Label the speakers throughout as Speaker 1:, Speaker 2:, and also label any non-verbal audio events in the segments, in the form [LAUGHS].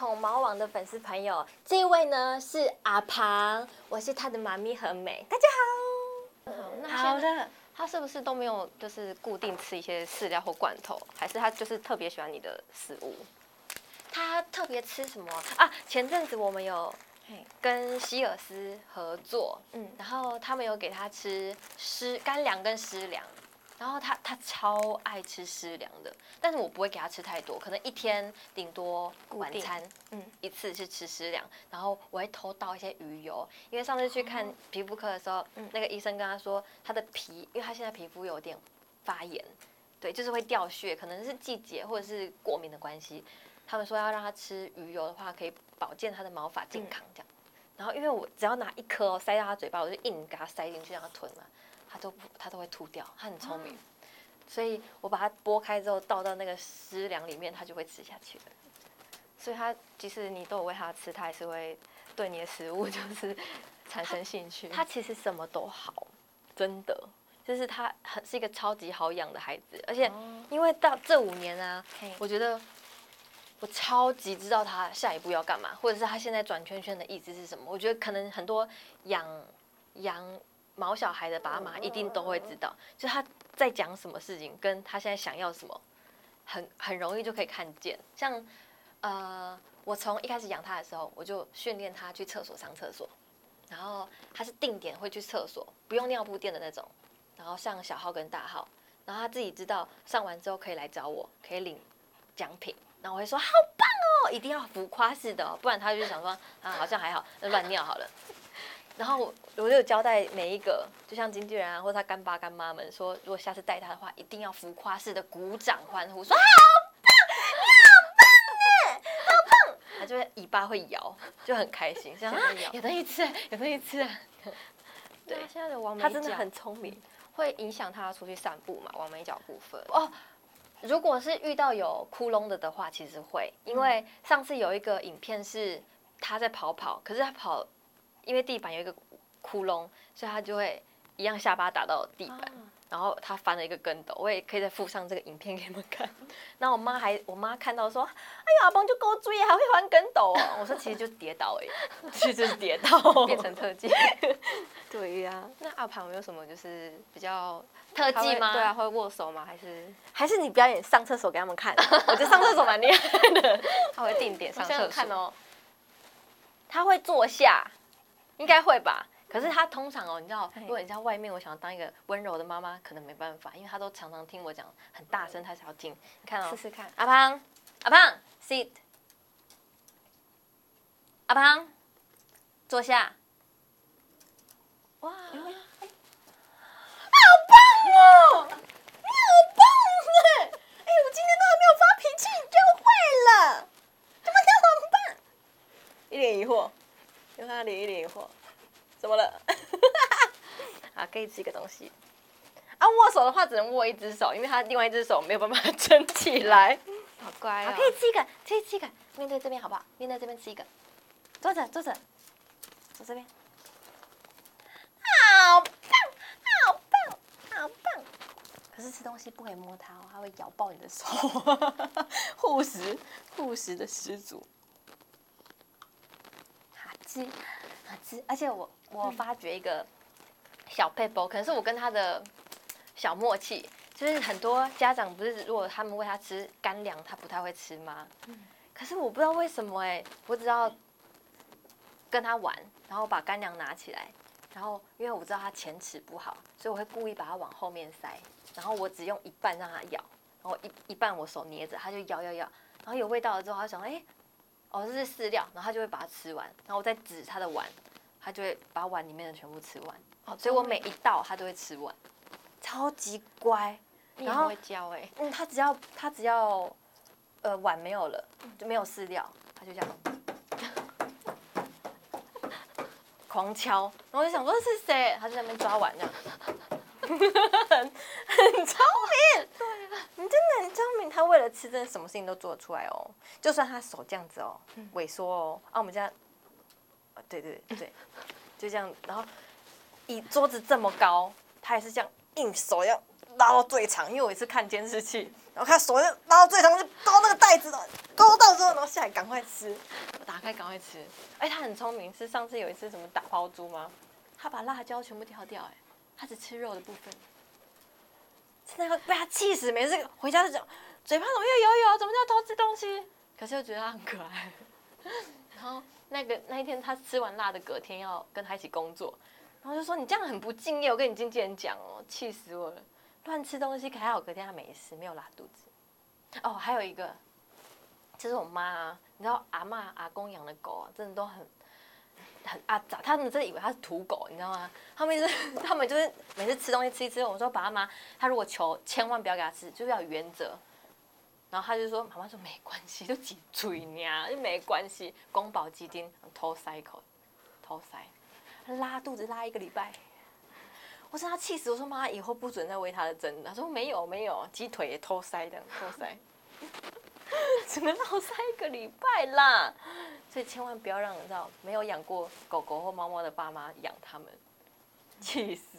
Speaker 1: 寵毛網的粉絲朋友，這位呢是阿龐，我是他的媽咪何美，大家好。好，那他好的，他是不是都沒有就是固定吃一些飼料或罐頭，還是他就是特別喜歡你的食物？他特別吃什麼啊？前陣子我們有跟希爾斯合作，嗯，然後他們有給他吃濕乾糧跟濕糧。然後他他超愛吃濕糧的，但是我不會給他吃太多，可能一天頂多晚餐，嗯，一次是吃濕糧，嗯，然後我會偷倒一些魚油，因為上次去看皮膚科的時候，嗯，那個醫生跟他說他的皮，因為他現在皮膚有點發炎，對，就是會掉屑，可能是季節或者是過敏的關係，他們說要讓他吃魚油的話，可以保健他的毛髮健康這樣，嗯，然後因為我只要拿一顆、哦、塞到他嘴巴，我就硬給他塞進去讓他吞嘛。他都他都會吐掉，他很聰明，嗯，所以我把它剝開之後倒到那個濕糧裡面，他就會吃下去的。所以他即使你都有餵他吃，他也是會對你的食物就是產生興趣。他其實什麼都好，真的，就是他很是一個超級好養的孩子。而且因為到這五年啊，嗯，我覺得我超級知道他下一步要幹嘛，或者是他現在轉圈圈的意思是什麼。我覺得可能很多養養，毛小孩的爸媽一定都會知道，就他在講什麼事情，跟他現在想要什麼，很很容易就可以看見。像，呃，我從一開始養他的時候，我就訓練他去廁所上廁所，然後他是定點會去廁所，不用尿布墊的那種，然後上小號跟大號，然後他自己知道上完之後可以來找我，可以領獎品，然後我會說好棒哦，一定要浮誇式的哦，不然他就想說啊好像還好，那亂尿好了。 [LAUGHS] 然後我就有交代每一個，就像經紀人啊，或者他乾爸乾媽們說，如果下次帶他的話，一定要浮誇式的鼓掌歡呼，說、 [LAUGHS] 啊、好棒，你好棒好棒！他、啊、就會尾巴會搖，就很開心，這樣會搖，有東西吃，有東西吃。
Speaker 2: 對，他現
Speaker 1: 在的網美腳他真的很聰明，會影響他出去散步嘛？網美腳部分哦，如果是遇到有窟窿的的話，其實會，因為上次有一個影片是他在跑跑，可是他跑。因為地板有一個窟窿，所以他就會一樣下巴打到地板，啊、然後他翻了一個跟斗。我也可以再附上這個影片給你們看。然後我媽還，我媽看到說：“哎呀，阿龐就夠注意，還會翻跟斗、哦、 [LAUGHS] 我說：“其實就跌倒哎、欸， [LAUGHS] 其實就是跌倒變成特技。 [LAUGHS] ”對呀、啊，那阿龐有沒有什麼就是比較特技嗎？對啊，會握手嗎？還是還是你表演上廁所給他們看、啊？ [LAUGHS] 我覺得上廁所蠻厲害的， [LAUGHS] 他會定點上廁所。看哦，他會坐下。應該會吧，可是他通常哦，你知道，如果你在外面，我想要當一個溫柔的媽媽，可能沒辦法，因為他都常常聽我講很大聲，他想要聽、嗯。你看、哦，試試看，阿龐，阿龐，sit，阿龐，坐下。哇，啊、好棒哦，哦，你好棒哎，哎、欸，我今天都還沒有發脾氣，你就壞了，怎麼這麼棒？一臉疑惑。用它理一理，或怎麼了？啊， [LAUGHS] 可以吃一個東西。啊，握手的話只能握一隻手，因為它另外一隻手沒有辦法撐起來。 [LAUGHS] 好乖哦，好，可以吃一個，吃一，吃一個，面對這邊好不好？面對這邊吃一個，坐着坐着，坐這邊。好棒，好棒，好棒！可是吃東西不可以摸它哦，它會咬爆你的手。護 [LAUGHS] 食，護食的始祖。吃，吃，而且我我發覺一個小撇步、嗯。可能是我跟他的小默契，就是很多家長不是如果他們餵他吃乾糧，他不太會吃嗎？嗯。可是我不知道為什麼哎、欸，我只要跟他玩，然後把乾糧拿起來，然後因為我知道他前齒不好，所以我會故意把它往後面塞，然後我只用一半讓他咬，然後一一半我手捏着，他就咬咬咬，然後有味道了之後，他想哎。哦，這是飼料，然後他就會把它吃完，然後我再指他的碗，他就會把碗裡面的全部吃完。哦、所以我每一倒他都會吃完，超，超級乖。欸、然後會教哎？嗯，他只要他只要、呃、碗沒有了，就沒有飼料，他就這樣、嗯，狂敲。然後我就想說是誰？他就在那邊抓碗這樣，超 [LAUGHS] 會。很真的，很聰明他為了吃，真的什麼事情都做得出來哦。就算他手這樣子哦，萎縮哦，啊，我們這樣對對對，就這樣。然後以桌子這麼高，他也是這樣，硬手要拉到最長。因為我一次看監視器，然後他手要拉到最長，就勾那個袋子的，勾到之後，然後下來趕快吃，打開趕快吃。哎，他很聰明，是上次有一次什麼打拋豬嗎？他把辣椒全部挑掉，哎，他只吃肉的部分。被他氣死沒事，每次回家就講嘴巴怎麼又油油，怎麼又要偷吃東西。可是又覺得他很可愛。然後那個那一天他吃完辣的，隔天要跟他一起工作，然後就說你這樣很不敬業，我跟你經紀人講哦，氣死我了，亂吃東西。可還好，隔天他沒事，沒有拉肚子。哦，還有一個，這就是我媽啊，你知道阿嬤、阿公養的狗啊，真的都很。很阿雜，他們真的以為他是土狗，你知道嗎？他們就是他們就是每次吃東西吃一吃，我說爸媽他，如果求千萬不要給他吃，就是要原則。然後他就說，媽媽說沒關係，就幾嘴呢，就沒關係。宮保雞丁偷塞口，偷塞，拉肚子拉一個禮拜，我真的氣死，我說媽，以後不准再餵他的針。他說沒有沒有，雞腿也偷塞的偷塞。 [LAUGHS] 只能活三一個禮拜啦，所以千萬不要讓你知道沒有養過狗狗或貓貓的爸媽養他們，氣死。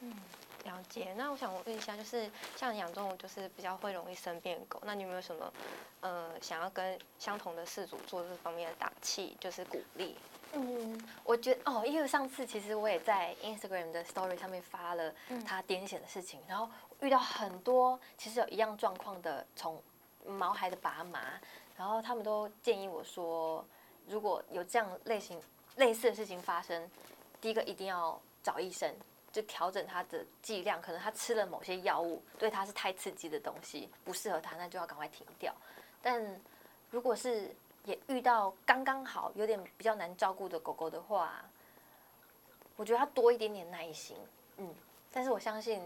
Speaker 1: 嗯，了解。那我想我問一下，就是像你養這種就是比較會容易生病的狗，那你有沒有什麼，嗯，想要跟相同的事主做這方面的打氣，就是鼓勵？嗯，我覺得哦，因為上次其實我也在 Instagram 的 Story 上面發了他癲癇的事情，嗯，然後遇到很多其實有一樣狀況的從。從毛孩的爸媽，然後他們都建議我說，如果有這樣類型類似的事情發生，第一個一定要找醫生，就調整他的劑量。可能他吃了某些藥物，對他是太刺激的東西，不適合他，那就要趕快停掉。但如果是也遇到剛剛好有點比較難照顧的狗狗的話，我覺得他多一點點耐心，嗯。但是我相信。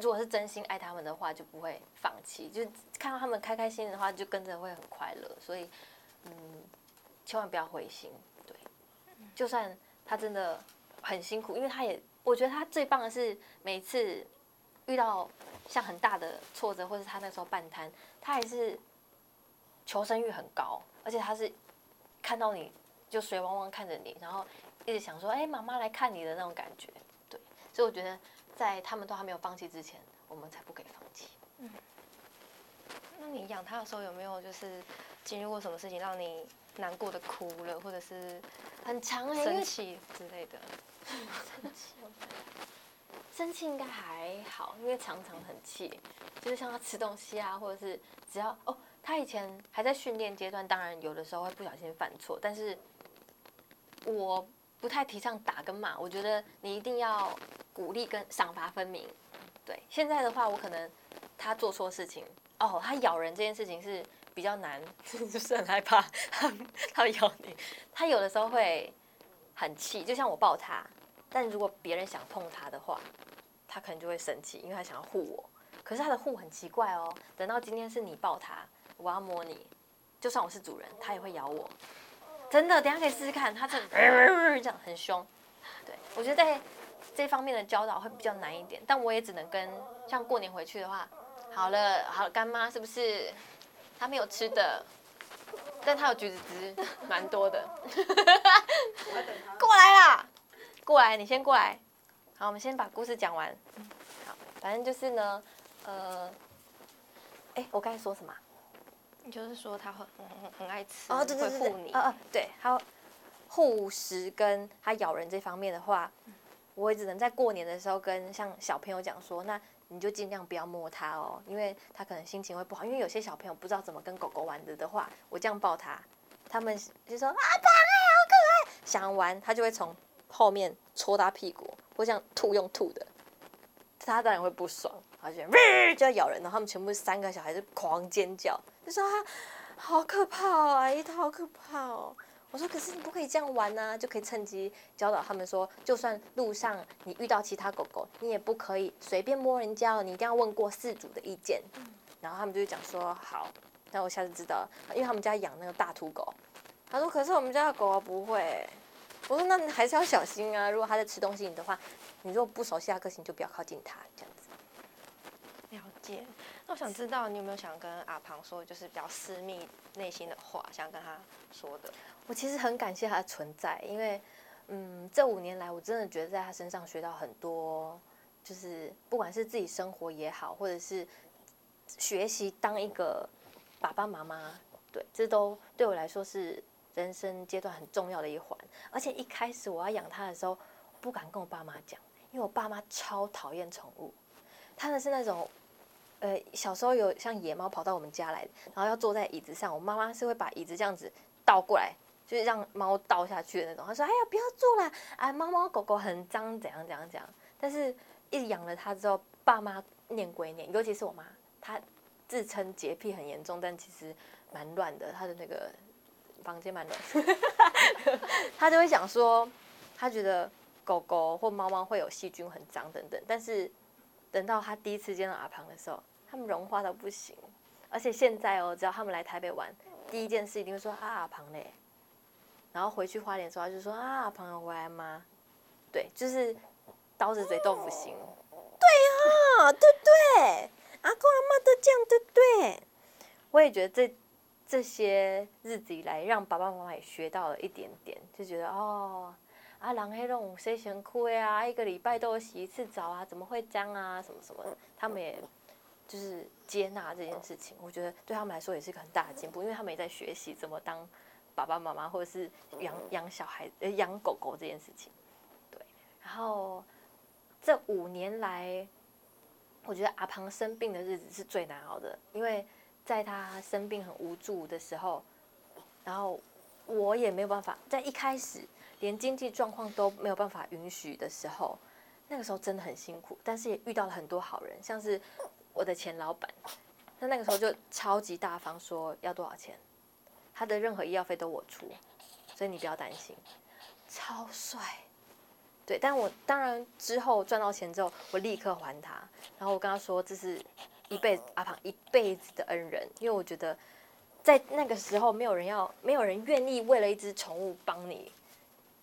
Speaker 1: 如果是真心愛他們的話，就不會放棄。就看到他們開開心心的話，就跟着會很快樂。所以，嗯，千萬不要灰心。對，就算他真的很辛苦，因為他也，我覺得他最棒的是，每次遇到像很大的挫折，或者他那時候半癱，他還是求生欲很高。而且他是看到你就水汪汪看着你，然後一直想說：“哎、欸，媽媽來看你的那種感覺。”對，所以我覺得。在他們都還沒有放棄之前，我們才不可以放棄。嗯，那你養他的，的時候有沒有就是經歷過什麼事情讓你難過的哭了，或者是很強烈生氣之類的？生氣？嗯，生氣應該還好，因為常常很氣，就是像他吃東西啊，或者是只要哦，他以前還在訓練階段，當然有的時候會不小心犯錯，但是我不太提倡打跟罵，我覺得你一定要。鼓勵跟賞罰分明，對。現在的話，我可能他做錯事情，哦，他咬人這件事情是比較難，就 [LAUGHS] 是很害怕他他咬你。他有的時候會很氣，就像我抱他，但如果別人想碰他的話，他可能就會生氣，因為他想要護我。可是他的護很奇怪哦，等到今天是你抱他，我要摸你，就算我是主人，他也會咬我。真的，等下可以試試看，他這 [LAUGHS] 這樣很凶。對，我覺得。這方面的教導會比較難一點，但我也只能跟像過年回去的話，好了好了，乾媽是不是？他沒有吃的，但他有橘子汁，蠻多的。 [LAUGHS] 過來啦，過來，你先過來。好，我們先把故事講完。好，反正就是呢，呃，哎，我剛才說什麼啊？你就是說他很很，很愛吃。哦對對對對，會護你。哦，對對對，呃對，護食跟他咬人這方面的話。我也只能在過年的時候跟像小朋友講說，那你就儘量不要摸它哦，因為它可能心情會不好。因為有些小朋友不知道怎麼跟狗狗玩的的話，我這樣抱它，他們就說啊，可、哎、好可愛，想玩，他就會從後面戳他屁股，或這樣吐用吐的，他當然會不爽，他就、呃、就要咬人，然後他們全部三個小孩就狂尖叫，就說啊，好可怕哦，阿姨他好可怕哦。我說：“可是你不可以這樣玩啊！”就可以趁機教導他們說：“就算路上你遇到其他狗狗，你也不可以隨便摸人家，你一定要問過飼主的意見。嗯”然後他們就講說：“好。”但我下次知道了，因為他們家養那個大土狗，他說：“可是我們家的狗狗不會。”我說：“那你還是要小心啊！如果他在吃東西的話，你如果不熟悉他個性，就不要靠近他這樣子。”了解。那我想知道你有沒有想跟阿龐說，就是比較私密內心的話。話想跟他說的，我其實很感謝他的存在，因為，嗯，這五年來，我真的覺得在他身上學到很多，就是不管是自己生活也好，或者是學習當一個爸爸媽媽，對，這都對我來說是人生階段很重要的一環。而且一開始我要養他的時候，不敢跟我爸媽講，因為我爸媽超討厭寵物，他呢是那種。呃，小時候有像野貓跑到我們家來，然後要坐在椅子上，我媽媽是會把椅子這樣子倒過來，就是讓貓倒下去的那種。她說：“哎呀，不要坐啦！哎、啊，貓貓狗狗很髒，怎樣怎樣怎樣。但是，一養了它之後，爸媽念歸念，尤其是我媽，她自稱潔癖很嚴重，但其實蠻亂的，她的那個房間蠻亂。 [LAUGHS] [LAUGHS] 她就會想說，她覺得狗狗或貓貓會有細菌，很髒等等。但是，等到她第一次見到阿龐的時候，他們融化到不行，而且現在哦，只要他們來台北玩，第一件事一定會說啊龐嘞，然後回去花蓮的時候就說啊龐又回來嗎？對，就是刀子嘴豆腐心，嗯。對啊，哦，對對， [LAUGHS] 阿公阿媽都這樣，對對。我也覺得這這些日子以來，讓爸爸媽媽也學到了一點點，就覺得哦，啊，狼哎，讓誰嫌苦啊，一個禮拜都洗一次澡啊，怎麼會髒啊？什麼什麼，他們也。就是接納這件事情，我覺得對他們來說也是一個很大的進步，因為他們也在學習怎麼當爸爸媽媽，或者是養養小孩、呃、養狗狗這件事情。對，然後這五年來，我覺得阿龐生病的日子是最難熬的，因為在他生病很無助的時候，然後我也沒有辦法，在一開始連經濟狀況都沒有辦法允許的時候，那個時候真的很辛苦，但是也遇到了很多好人，像是。我的前老闆，他那，那個時候就超級大方，說要多少錢，他的任何醫藥費都我出，所以你不要擔心，超帥。對，但我當然之後賺到錢之後，我立刻還他。然後我跟他說，這是一輩子阿龐一輩子的恩人，因為我覺得在那個時候，沒有人要，沒有人願意為了一隻寵物幫你，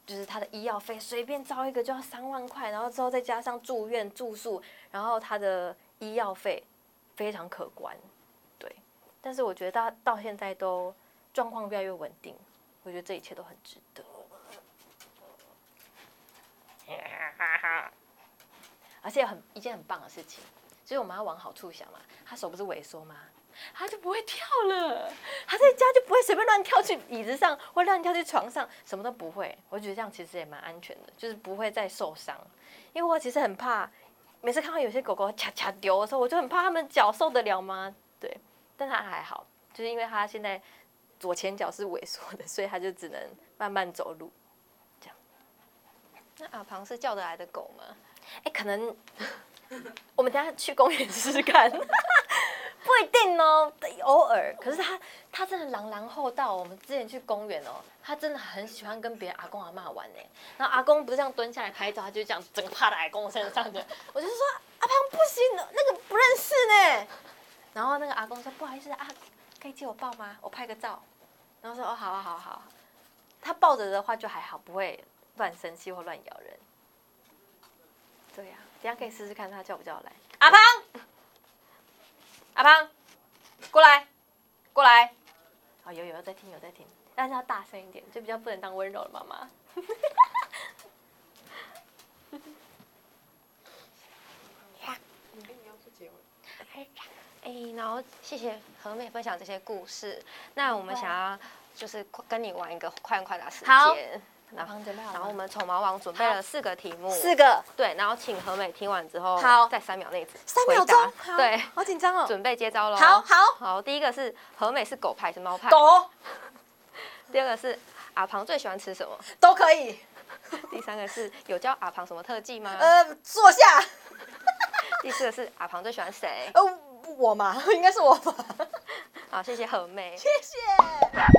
Speaker 1: 就是他的醫藥費隨便招一個就要三萬塊，然後之後再加上住院住宿，然後他的。醫藥費非常可觀，對，但是我覺得他到，到現在都狀況越來越穩定，我覺得這一切都很值得。 [LAUGHS] 而且很一件很棒的事情，就是我們要往好處想嘛。他手不是萎縮嗎？他就不會跳了，他在家就不會隨便亂跳去椅子上，或亂跳去床上，什麼都不會。我覺得這樣其實也蠻安全的，就是不會再受傷。因為我其實很怕。每次看到有些狗狗恰恰丟的時候，我就很怕他們腳受得了嗎？對，但他還好，就是因為它現在左前腳是萎縮的，所以它就只能慢慢走路，這樣。那阿龐是叫得來的狗嗎？哎、欸，可能 [LAUGHS] [LAUGHS] 我們等下去公園試試看。 [LAUGHS] 不一定哦，得偶爾。可是他，他真的狼狼厚道、哦。我們之前去公園哦，他真的很喜歡跟別人阿公阿嬤玩呢。然後阿公不是這樣蹲下來拍照，啊、他就這樣整個趴在阿公身上的。我就說阿龐不行，那個不認識呢。然後那個阿公說不好意思啊，可以借我抱嗎？我拍個照。然後說哦，好好好好。他抱着的話就還好，不會亂生氣或亂咬人。對呀、啊，等下可以試試看他叫不叫我來，阿龐。阿胖，過來，過來！好、哦，有有，有在聽，有在聽，但是要大聲一點，就比較不能當溫柔的媽媽。哎， [LAUGHS] yeah. Yeah. 然後謝謝何美分享這些故事，wow. 那我們想要就是跟你玩一個快問快答時間。啊、然後我們寵毛網準備了四個題目，四個對，然後請何美聽完之後，好，在三秒內三秒鐘對。好緊張哦，準備接招嘍，好好好，好，第一個是何美是狗派是貓派？狗。第二個是阿龐最喜歡吃什麼？都可以。第三個是有教阿龐什麼特技嗎？呃，坐下。第四個是阿龐最喜歡誰？呃，我嘛，應該是我吧。好，謝謝何美，謝謝。